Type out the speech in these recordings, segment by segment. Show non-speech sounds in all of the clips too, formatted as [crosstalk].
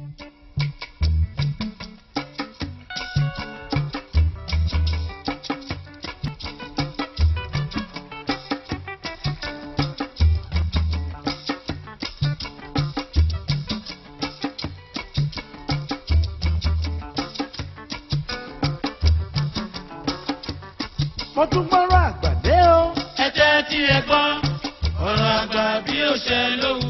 mo tún gbọ́rọ̀ oro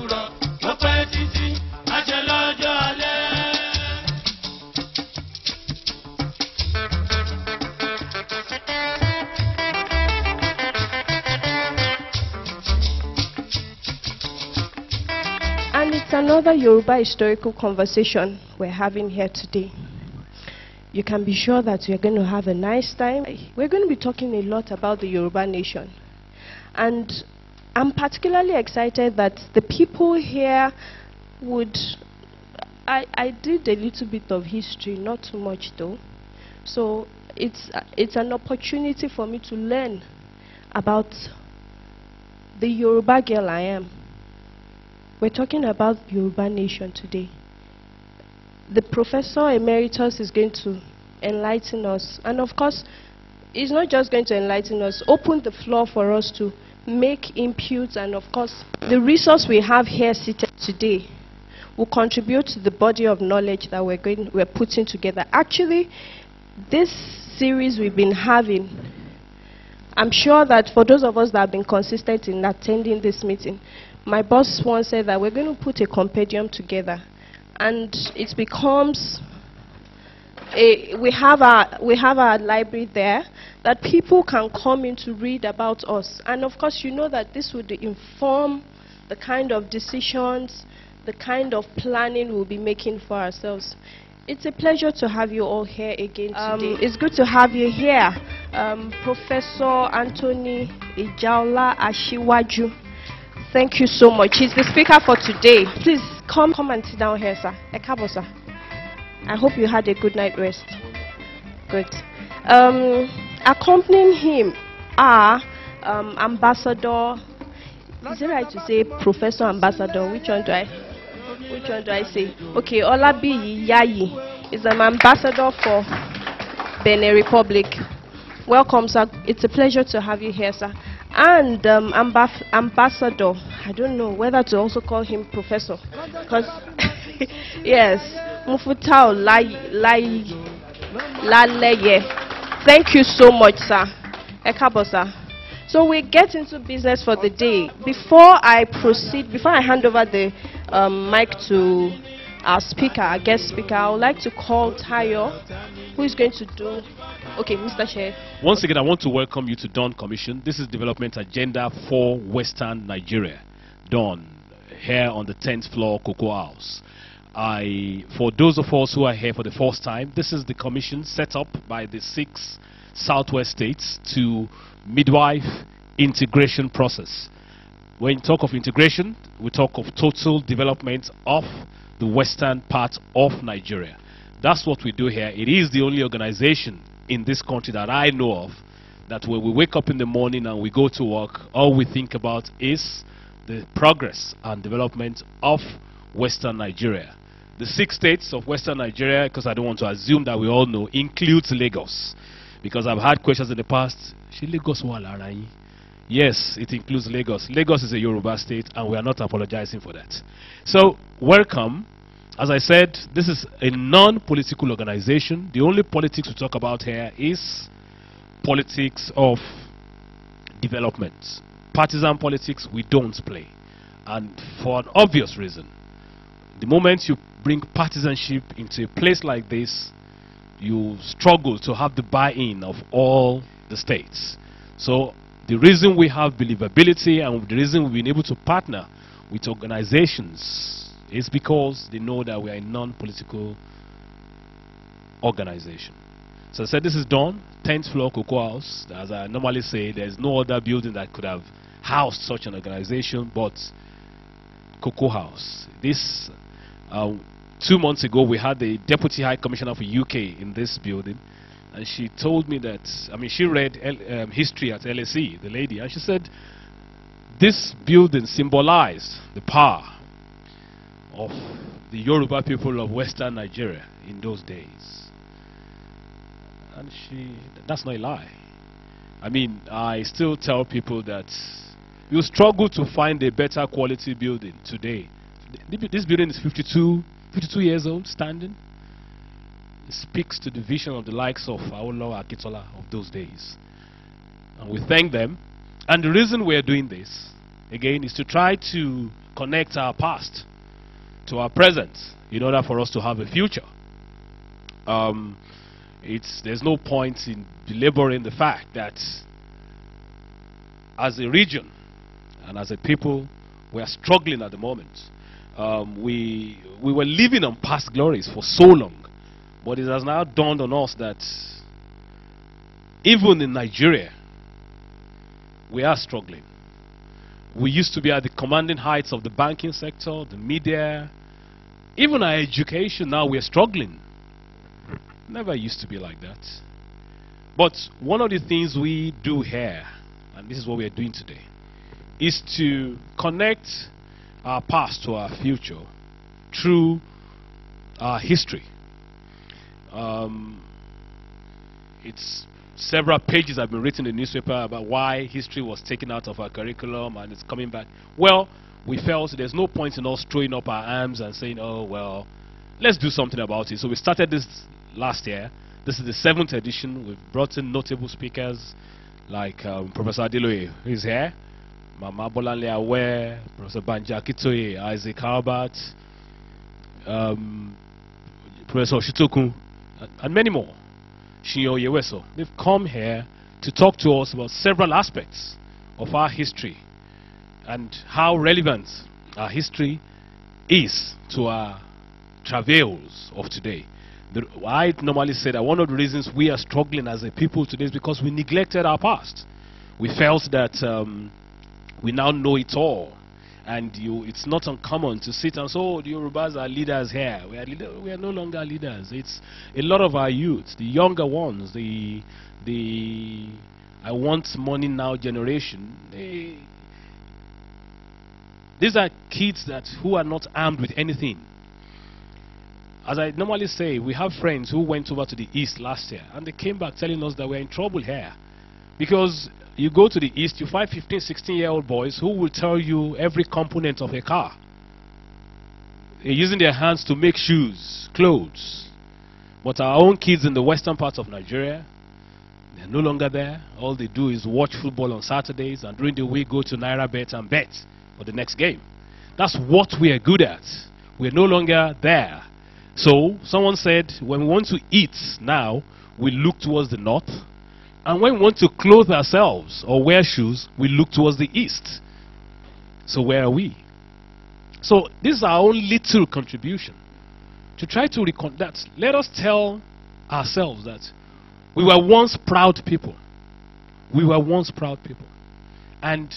another Yoruba historical conversation we're having here today. You can be sure that we're going to have a nice time. We're going to be talking a lot about the Yoruba nation. And I'm particularly excited that the people here would. I, I did a little bit of history, not too much though. So it's, it's an opportunity for me to learn about the Yoruba girl I am. We're talking about urban nation today. The professor emeritus is going to enlighten us. And of course, he's not just going to enlighten us, open the floor for us to make inputs and of course, the resource we have here seated today will contribute to the body of knowledge that we're, going, we're putting together. Actually, this series we've been having I'm sure that for those of us that have been consistent in attending this meeting, my boss once said that we're going to put a compendium together, and it becomes a, we have our we have our library there that people can come in to read about us, and of course you know that this would inform the kind of decisions, the kind of planning we'll be making for ourselves. It's a pleasure to have you all here again um, today. It's good to have you here, um, Professor Anthony Ijaola Ashiwaju. Thank you so much. He's the speaker for today. Please come, come and sit down here, sir. Ekabo, sir. I hope you had a good night rest. Good. Um, accompanying him are um, Ambassador. Is it right to say Professor Ambassador? Which one do I? Which one do I say? Okay, Olabi Yayi is an ambassador for Benin Republic. Welcome, sir. It's a pleasure to have you here, sir and um, ambassador. I don't know whether to also call him professor, because [laughs] yes, Mufutao Laleye. Thank you so much, sir. Ekabo, So we get into business for the day. Before I proceed, before I hand over the um, mic to our speaker, our guest speaker, I would like to call Tayo, who is going to do Okay, Mr. Chair. Once again, I want to welcome you to Dawn Commission. This is Development Agenda for Western Nigeria. Dawn, here on the 10th floor, Cocoa House. I, for those of us who are here for the first time, this is the commission set up by the six southwest states to midwife integration process. When we talk of integration, we talk of total development of the western part of Nigeria. That's what we do here. It is the only organization in this country that I know of that when we wake up in the morning and we go to work, all we think about is the progress and development of Western Nigeria. The six states of Western Nigeria, because I don't want to assume that we all know, includes Lagos. Because I've had questions in the past, Lagos Yes, it includes Lagos. Lagos is a Yoruba state, and we are not apologizing for that. So, welcome as I said, this is a non-political organization. The only politics we talk about here is politics of development. Partisan politics, we don't play. And for an obvious reason, the moment you bring partisanship into a place like this, you struggle to have the buy-in of all the states. So the reason we have believability and the reason we've been able to partner with organizations it's because they know that we are a non-political organization. So I said, this is done. 10th floor Cocoa House. As I normally say, there's no other building that could have housed such an organization but Cocoa House. This, uh, two months ago, we had the Deputy High Commissioner for UK in this building. And she told me that, I mean, she read L um, history at LSE, the lady, and she said, this building symbolized the power of the Yoruba people of Western Nigeria in those days. And she, that's not a lie. I mean, I still tell people that you struggle to find a better quality building today. This building is 52, 52 years old, standing. It speaks to the vision of the likes of Aolo Akitola of those days. And we thank them. And the reason we're doing this, again, is to try to connect our past to our presence in order for us to have a future. Um, it's, there's no point in belaboring the fact that as a region and as a people, we are struggling at the moment. Um, we, we were living on past glories for so long, but it has now dawned on us that even in Nigeria, we are struggling. We used to be at the commanding heights of the banking sector, the media, even our education now, we're struggling. Never used to be like that. But one of the things we do here, and this is what we are doing today, is to connect our past to our future through our history. Um, it's several pages have been written in the newspaper about why history was taken out of our curriculum and it's coming back. Well, we felt there's no point in us throwing up our arms and saying, oh, well, let's do something about it. So we started this last year. This is the seventh edition. We've brought in notable speakers like um, Professor Adiloye, who's here, Mama Bolanle Awe, Professor Banja Kitoye, Isaac Albert, um, Professor Shitoku, and, and many more. Shinyo Yeweso. They've come here to talk to us about several aspects of our history and how relevant our history is to our travails of today. The, I normally say that one of the reasons we are struggling as a people today is because we neglected our past. We felt that um, we now know it all. And you, it's not uncommon to sit and say, oh, the Yorubas are leaders here. We are, leader, we are no longer leaders. It's a lot of our youth, the younger ones, the, the I want money now generation, they these are kids that who are not armed with anything. As I normally say, we have friends who went over to the east last year and they came back telling us that we're in trouble here. Because you go to the east, you find 15, 16 year old boys who will tell you every component of a car. They're using their hands to make shoes, clothes. But our own kids in the western part of Nigeria, they're no longer there. All they do is watch football on Saturdays and during the week go to Naira Bet and bet the next game. That's what we are good at. We're no longer there. So someone said, when we want to eat now, we look towards the north. And when we want to clothe ourselves or wear shoes, we look towards the east. So where are we? So this is our own little contribution to try to recon that. Let us tell ourselves that we were once proud people. We were once proud people. And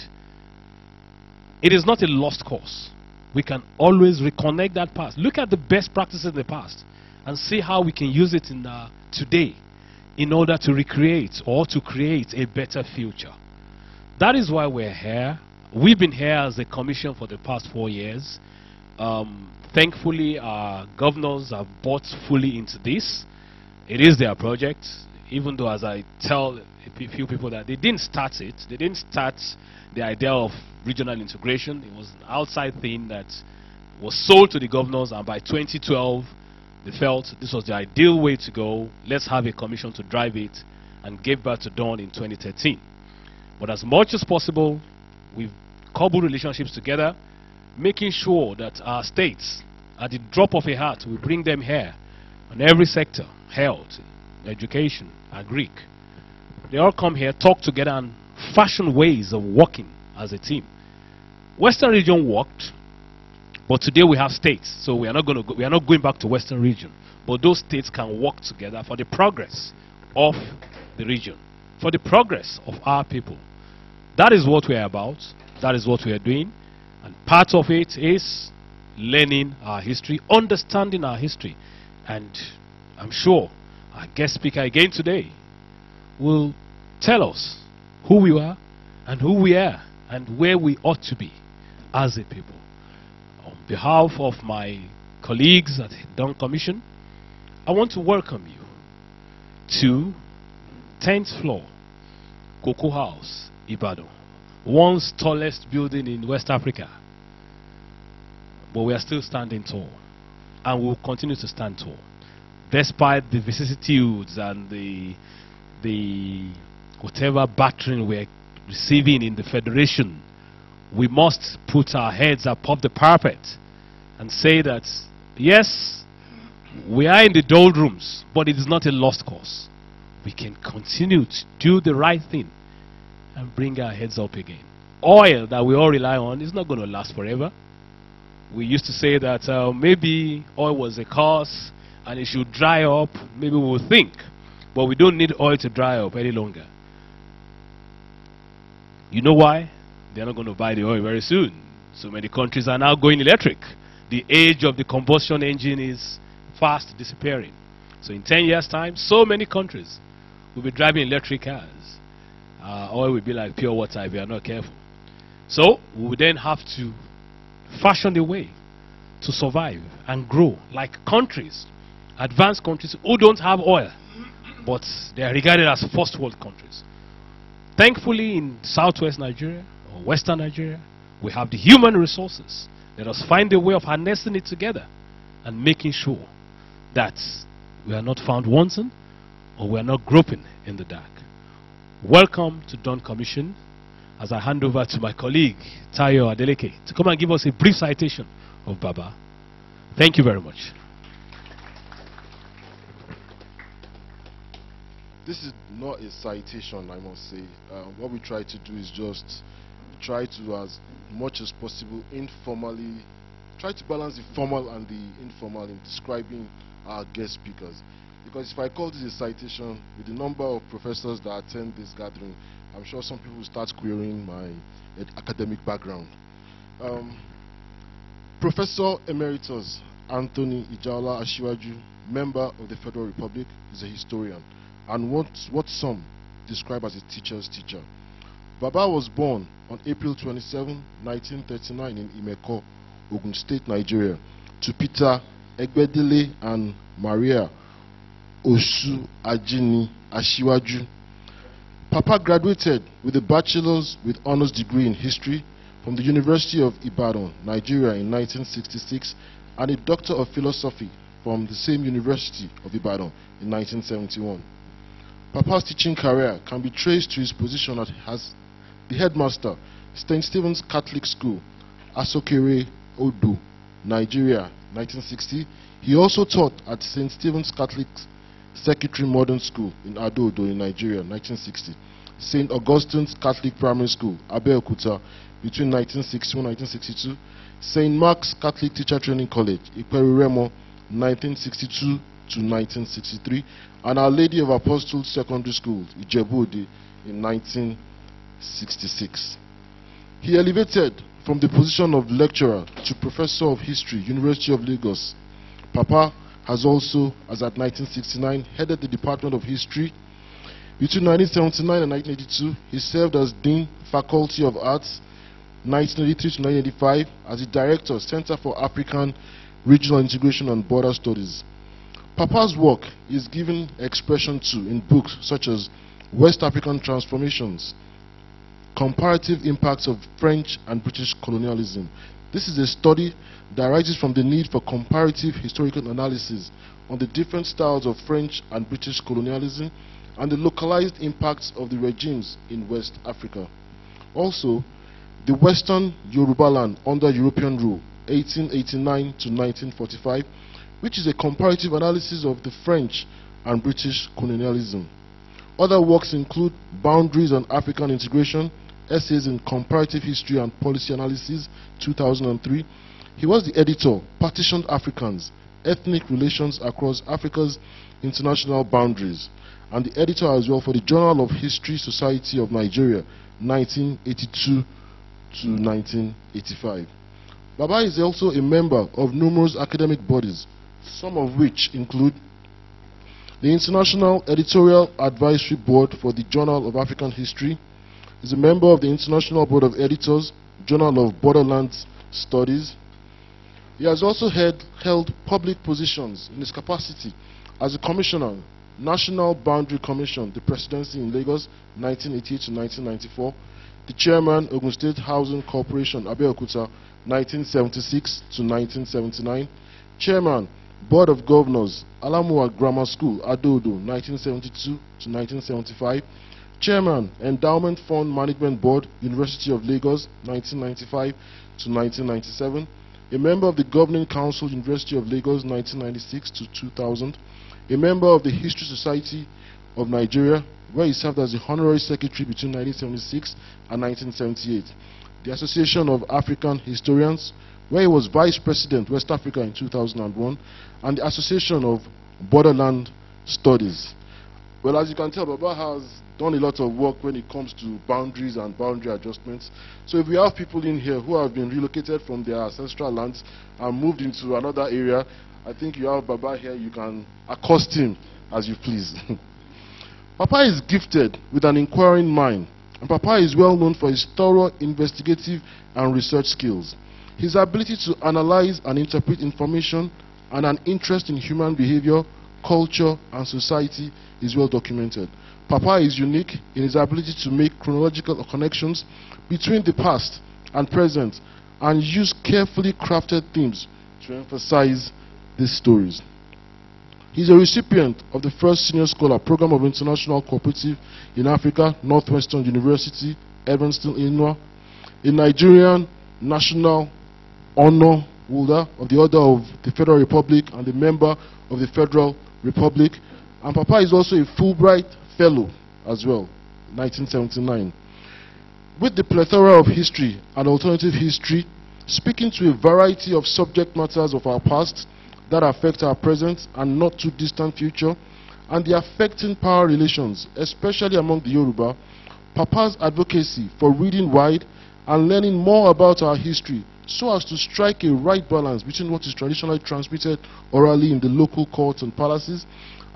it is not a lost cause. We can always reconnect that past. Look at the best practices in the past and see how we can use it in uh, today in order to recreate or to create a better future. That is why we're here. We've been here as a commission for the past four years. Um, thankfully, our governors have bought fully into this. It is their project, even though, as I tell few people that they didn't start it. They didn't start the idea of regional integration. It was an outside thing that was sold to the governors, and by 2012, they felt this was the ideal way to go. Let's have a commission to drive it, and gave birth to Dawn in 2013. But as much as possible, we've cobbled relationships together, making sure that our states, at the drop of a hat, we bring them here on every sector, health, education, agri. They all come here, talk together, and fashion ways of working as a team. Western region worked, but today we have states, so we are not going to we are not going back to Western region. But those states can work together for the progress of the region, for the progress of our people. That is what we are about. That is what we are doing, and part of it is learning our history, understanding our history, and I'm sure our guest speaker again today will tell us who we are and who we are and where we ought to be as a people. On behalf of my colleagues at Don Commission, I want to welcome you to 10th floor, Cocoa House, Ibadan, once tallest building in West Africa. But we are still standing tall and will continue to stand tall despite the vicissitudes and the, the whatever battering we're receiving in the Federation, we must put our heads above the parapet and say that, yes, we are in the doldrums, but it is not a lost cause. We can continue to do the right thing and bring our heads up again. Oil that we all rely on is not going to last forever. We used to say that uh, maybe oil was a cause and it should dry up. Maybe we'll think. But we don't need oil to dry up any longer. You know why? They're not going to buy the oil very soon. So many countries are now going electric. The age of the combustion engine is fast disappearing. So in 10 years' time, so many countries will be driving electric cars. Uh, oil will be like pure water if we are not careful. So we will then have to fashion the way to survive and grow like countries, advanced countries who don't have oil, but they are regarded as first world countries. Thankfully, in southwest Nigeria or western Nigeria, we have the human resources. Let us find a way of harnessing it together and making sure that we are not found wanting or we are not groping in the dark. Welcome to Dawn Commission as I hand over to my colleague Tayo Adeleke to come and give us a brief citation of Baba. Thank you very much. this is not a citation I must say uh, what we try to do is just try to as much as possible informally try to balance the formal and the informal in describing our guest speakers because if I call this a citation with the number of professors that attend this gathering I'm sure some people will start querying my academic background um, Professor Emeritus Anthony Ijaola Ashiwaju member of the Federal Republic is a historian and what, what some describe as a teacher's teacher. Baba was born on April 27, 1939 in Imeko, Ogun State, Nigeria, to Peter Egbedele and Maria Osu Ajini Ashiwaju. Papa graduated with a bachelor's with honors degree in history from the University of Ibadan, Nigeria in 1966 and a doctor of philosophy from the same University of Ibadan in 1971. Papa's teaching career can be traced to his position as the headmaster, St. Stephen's Catholic School, Asokere, Odu, Nigeria, 1960. He also taught at St. Stephen's Catholic Secretary Modern School in Adodo in Nigeria, 1960. St. Augustine's Catholic Primary School, Abeokuta, between 1961 and 1962. St. Mark's Catholic Teacher Training College, Iperu Remo, 1962 to 1963, and Our Lady of Apostles Secondary School, Ijebuode, in 1966. He elevated from the position of lecturer to professor of history, University of Lagos. Papa has also, as at 1969, headed the Department of History. Between 1979 and 1982, he served as Dean, Faculty of Arts, 1983 to 1985, as the Director, Center for African Regional Integration and Border Studies. Papa's work is given expression to in books such as West African Transformations, Comparative Impacts of French and British Colonialism. This is a study that arises from the need for comparative historical analysis on the different styles of French and British colonialism and the localized impacts of the regimes in West Africa. Also, the Western Yoruba land under European rule, 1889 to 1945, which is a comparative analysis of the French and British colonialism. Other works include Boundaries on African Integration, Essays in Comparative History and Policy Analysis, 2003. He was the editor, Partitioned Africans, Ethnic Relations Across Africa's International Boundaries, and the editor as well for the Journal of History Society of Nigeria, 1982 to 1985. Baba is also a member of numerous academic bodies, some of which include the International Editorial Advisory Board for the Journal of African History is a member of the International Board of Editors, Journal of Borderlands Studies. He has also had, held public positions in his capacity as a commissioner, National Boundary Commission, the presidency in Lagos, 1988 to 1994, the chairman, Ogun State Housing Corporation, Abeokuta, 1976 to 1979, chairman, Board of Governors, Alamua Grammar School, Adodo, 1972 to 1975. Chairman, Endowment Fund Management Board, University of Lagos, 1995 to 1997. A member of the Governing Council, University of Lagos, 1996 to 2000. A member of the History Society of Nigeria, where he served as the Honorary Secretary between 1976 and 1978. The Association of African Historians, where he was vice president West Africa in 2001, and the Association of Borderland Studies. Well, as you can tell, Baba has done a lot of work when it comes to boundaries and boundary adjustments. So if we have people in here who have been relocated from their ancestral lands and moved into another area, I think you have Baba here, you can accost him as you please. [laughs] Papa is gifted with an inquiring mind, and Papa is well known for his thorough investigative and research skills. His ability to analyze and interpret information and an interest in human behavior, culture, and society is well documented. Papa is unique in his ability to make chronological connections between the past and present and use carefully crafted themes to emphasize these stories. He is a recipient of the first Senior Scholar Program of International Cooperative in Africa, Northwestern University, Evanston, Illinois, a Nigerian National honor holder of the Order of the Federal Republic and a member of the Federal Republic. And Papa is also a Fulbright Fellow as well, 1979. With the plethora of history and alternative history, speaking to a variety of subject matters of our past that affect our present and not too distant future, and the affecting power relations, especially among the Yoruba, Papa's advocacy for reading wide and learning more about our history so as to strike a right balance between what is traditionally transmitted orally in the local courts and palaces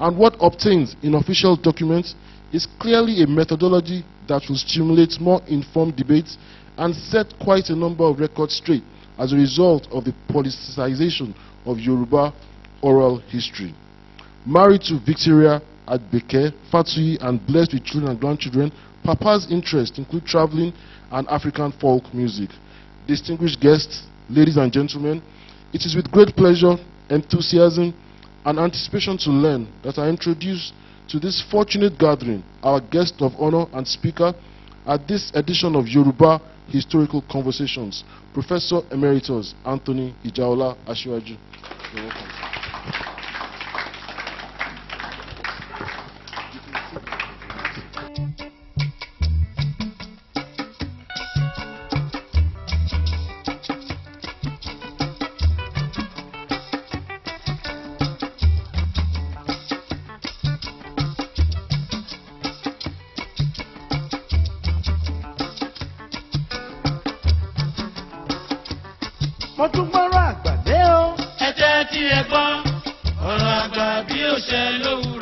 and what obtains in official documents is clearly a methodology that will stimulate more informed debates and set quite a number of records straight as a result of the politicization of Yoruba oral history. Married to Victoria Adbeke, Fatui, and blessed with children and grandchildren, Papa's interests include traveling and African folk music distinguished guests, ladies and gentlemen, it is with great pleasure, enthusiasm, and anticipation to learn that I introduce to this fortunate gathering our guest of honor and speaker at this edition of Yoruba Historical Conversations, Professor Emeritus Anthony Ijaola Ashiwaju. mo tún gbọ́rọ̀ o. ẹ jẹ́ kí ẹ gbọ́ ọ̀rọ̀ àgbà bí ó ṣe lówùú.